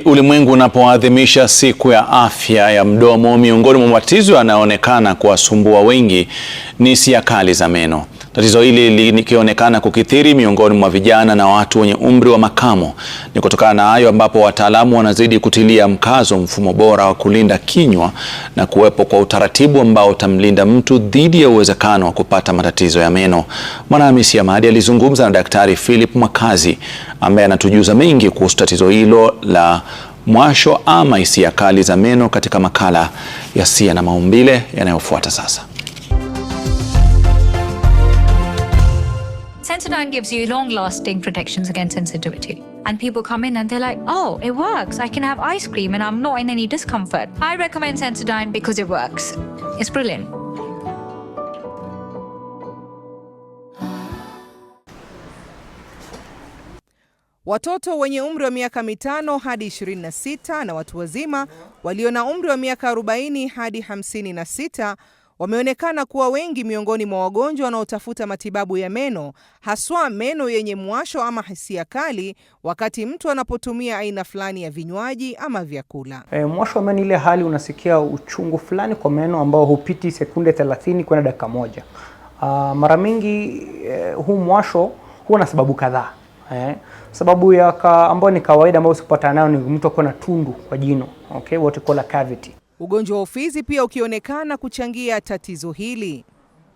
Ulimwengu unapoadhimisha siku ya afya ya mdomo, miongoni mwa matatizo yanayoonekana kuwasumbua wengi ni siha kali za meno. Tatizo hili likionekana kukithiri miongoni mwa vijana na watu wenye umri wa makamo. Ni kutokana na hayo ambapo wataalamu wanazidi kutilia mkazo mfumo bora wa kulinda kinywa na kuwepo kwa utaratibu ambao utamlinda mtu dhidi ya uwezekano wa kupata matatizo ya meno. Mwanahamisi amadi alizungumza na Daktari Philip Mwakazi ambaye anatujuza mengi kuhusu tatizo hilo la mwasho ama hisia kali za meno katika makala ya Sia na Maumbile yanayofuata sasa. Sensodyne gives you long lasting protections against sensitivity. And people come in and they're like, oh, it works. I can have ice cream and I'm not in any discomfort. I recommend Sensodyne because it works. It's brilliant. Watoto wenye umri wa miaka mitano hadi 26 na watu wazima walio na umri wa miaka 40 hadi 56 wameonekana kuwa wengi miongoni mwa wagonjwa wanaotafuta matibabu ya meno, haswa meno yenye mwasho ama hisia kali, wakati mtu anapotumia aina fulani ya vinywaji ama vyakula. E, mwasho wa meno, ile hali unasikia uchungu fulani kwa meno ambao hupiti sekunde 30 kwenda dakika moja. Mara mingi e, huu mwasho huwa na sababu kadhaa. Eh, sababu ya ambayo ni kawaida ambayo usipata nayo ni mtu akuwa na tundu kwa jino okay, what you call a cavity. Ugonjwa wa ufizi pia ukionekana kuchangia tatizo hili.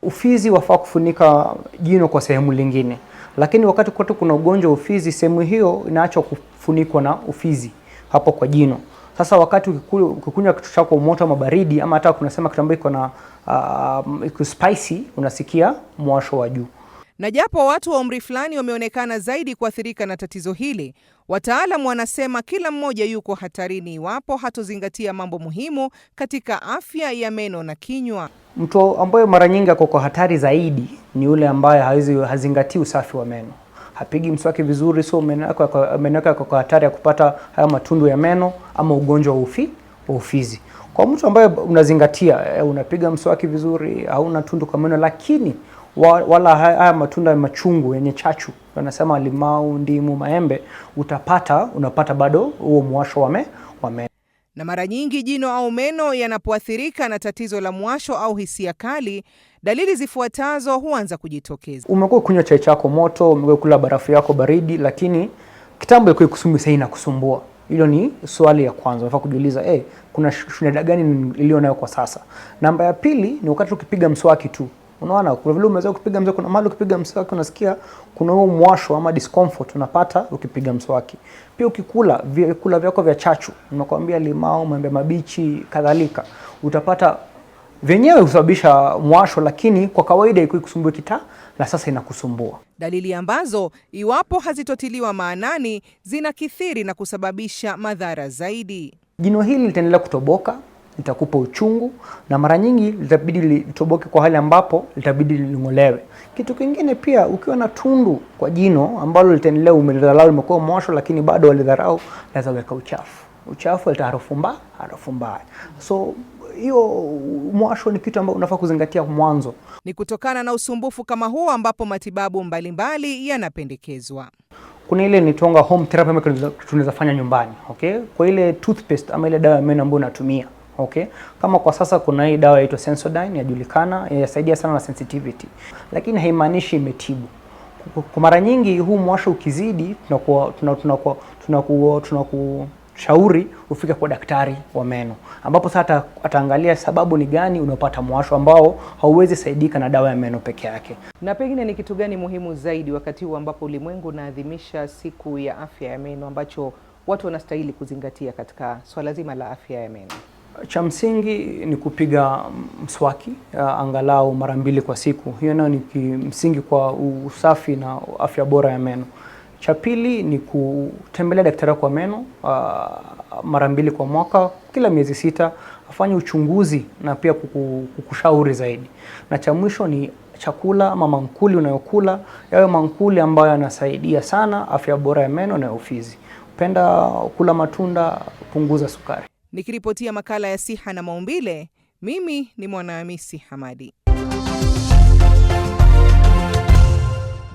Ufizi wafaa kufunika jino kwa sehemu lingine, lakini wakati kote kuna ugonjwa wa ufizi, sehemu hiyo inaachwa kufunikwa na ufizi hapo kwa jino. Sasa wakati ukikunywa kitu chako moto ama baridi ama hata kunasema kitu ambacho iko na uh, spicy, unasikia mwasho wa juu. Na japo watu wa umri fulani wameonekana zaidi kuathirika na tatizo hili, wataalam wanasema kila mmoja yuko hatarini iwapo hatozingatia mambo muhimu katika afya ya meno na kinywa. Mtu ambaye mara nyingi ako kwa hatari zaidi ni yule ambaye hazingatii usafi wa meno, hapigi mswaki vizuri, so meno yake yako kwa hatari ya kupata haya matundu ya meno ama ugonjwa wa ufi ufizi. Kwa mtu ambaye unazingatia, eh, unapiga mswaki vizuri, hauna tundu kwa meno lakini wala haya matunda machungu yenye chachu, wanasema limau, ndimu, maembe, utapata unapata bado huo mwasho wame, wame. Na mara nyingi jino au meno yanapoathirika na tatizo la mwasho au hisia kali, dalili zifuatazo huanza kujitokeza. Umekuwa kunywa chai chako moto, umekuwa kula barafu yako baridi, lakini kitambo ilikuwa ikusumbui, sasa kusumbua Hilo ni swali ya kwanza, unafaa kujiuliza eh, kuna shida gani iliyo nayo kwa sasa. Namba ya pili ni wakati ukipiga mswaki tu Unaona, kuna vile umeweza kupiga mswaki, kuna mahali ukipiga mswaki unasikia kuna huo mwasho ama discomfort unapata ukipiga mswaki. Pia ukikula vyakula vyako vya chachu, nimekwambia limau, maembe mabichi, kadhalika, utapata vyenyewe husababisha mwasho, lakini kwa kawaida ilikuwa ikusumbua kita na sasa inakusumbua. Dalili ambazo iwapo hazitotiliwa maanani zinakithiri na kusababisha madhara zaidi. Jino hili litaendelea kutoboka litakupa uchungu na mara nyingi litabidi litoboke kwa hali ambapo litabidi ling'olewe. Kitu kingine pia, ukiwa na tundu kwa jino ambalo litaendelea umelidharau, limekuwa mwasho lakini bado walidharau, naweza weka uchafu. Uchafu leta harufu mbaya, harufu mbaya. So hiyo mwasho ni kitu ambacho unafaa kuzingatia mwanzo. Ni kutokana na usumbufu kama huo ambapo matibabu mbalimbali yanapendekezwa. Kuna ile nitonga home therapy ambayo tunaweza fanya nyumbani, okay? Kwa ile toothpaste ama ile dawa ya meno ambayo unatumia Okay. Kama kwa sasa kuna hii dawa inaitwa Sensodyne yajulikana, yasaidia sana na sensitivity, lakini haimaanishi imetibu. Kwa mara nyingi huu mwasho ukizidi, tunakuwa tunakuwa tunaku shauri ufike kwa daktari wa meno ambapo sasa ataangalia sababu ni gani unapata mwasho ambao hauwezi saidika na dawa ya meno peke yake. Na pengine ni kitu gani muhimu zaidi wakati huu ambapo ulimwengu unaadhimisha siku ya afya ya meno ambacho watu wanastahili kuzingatia katika swala zima la afya ya meno? Cha msingi ni kupiga mswaki angalau mara mbili kwa siku. Hiyo nayo ni kimsingi kwa usafi na afya bora ya meno. Cha pili ni kutembelea daktari wako wa meno mara mbili kwa mwaka, kila miezi sita, afanye uchunguzi na pia kukushauri zaidi. Na cha mwisho ni chakula ama mankuli unayokula, yawe mankuli ambayo yanasaidia sana afya bora ya meno na ufizi. Penda kula matunda, punguza sukari. Nikiripotia makala ya Siha na Maumbile, mimi ni Mwanahamisi Hamadi.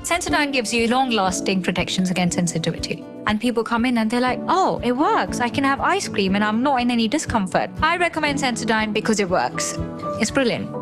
Sensodyne gives you long lasting protections against sensitivity. And people come in and they're like, oh, it works. I can have ice cream and I'm not in any discomfort. I recommend Sensodyne because it works. It's brilliant.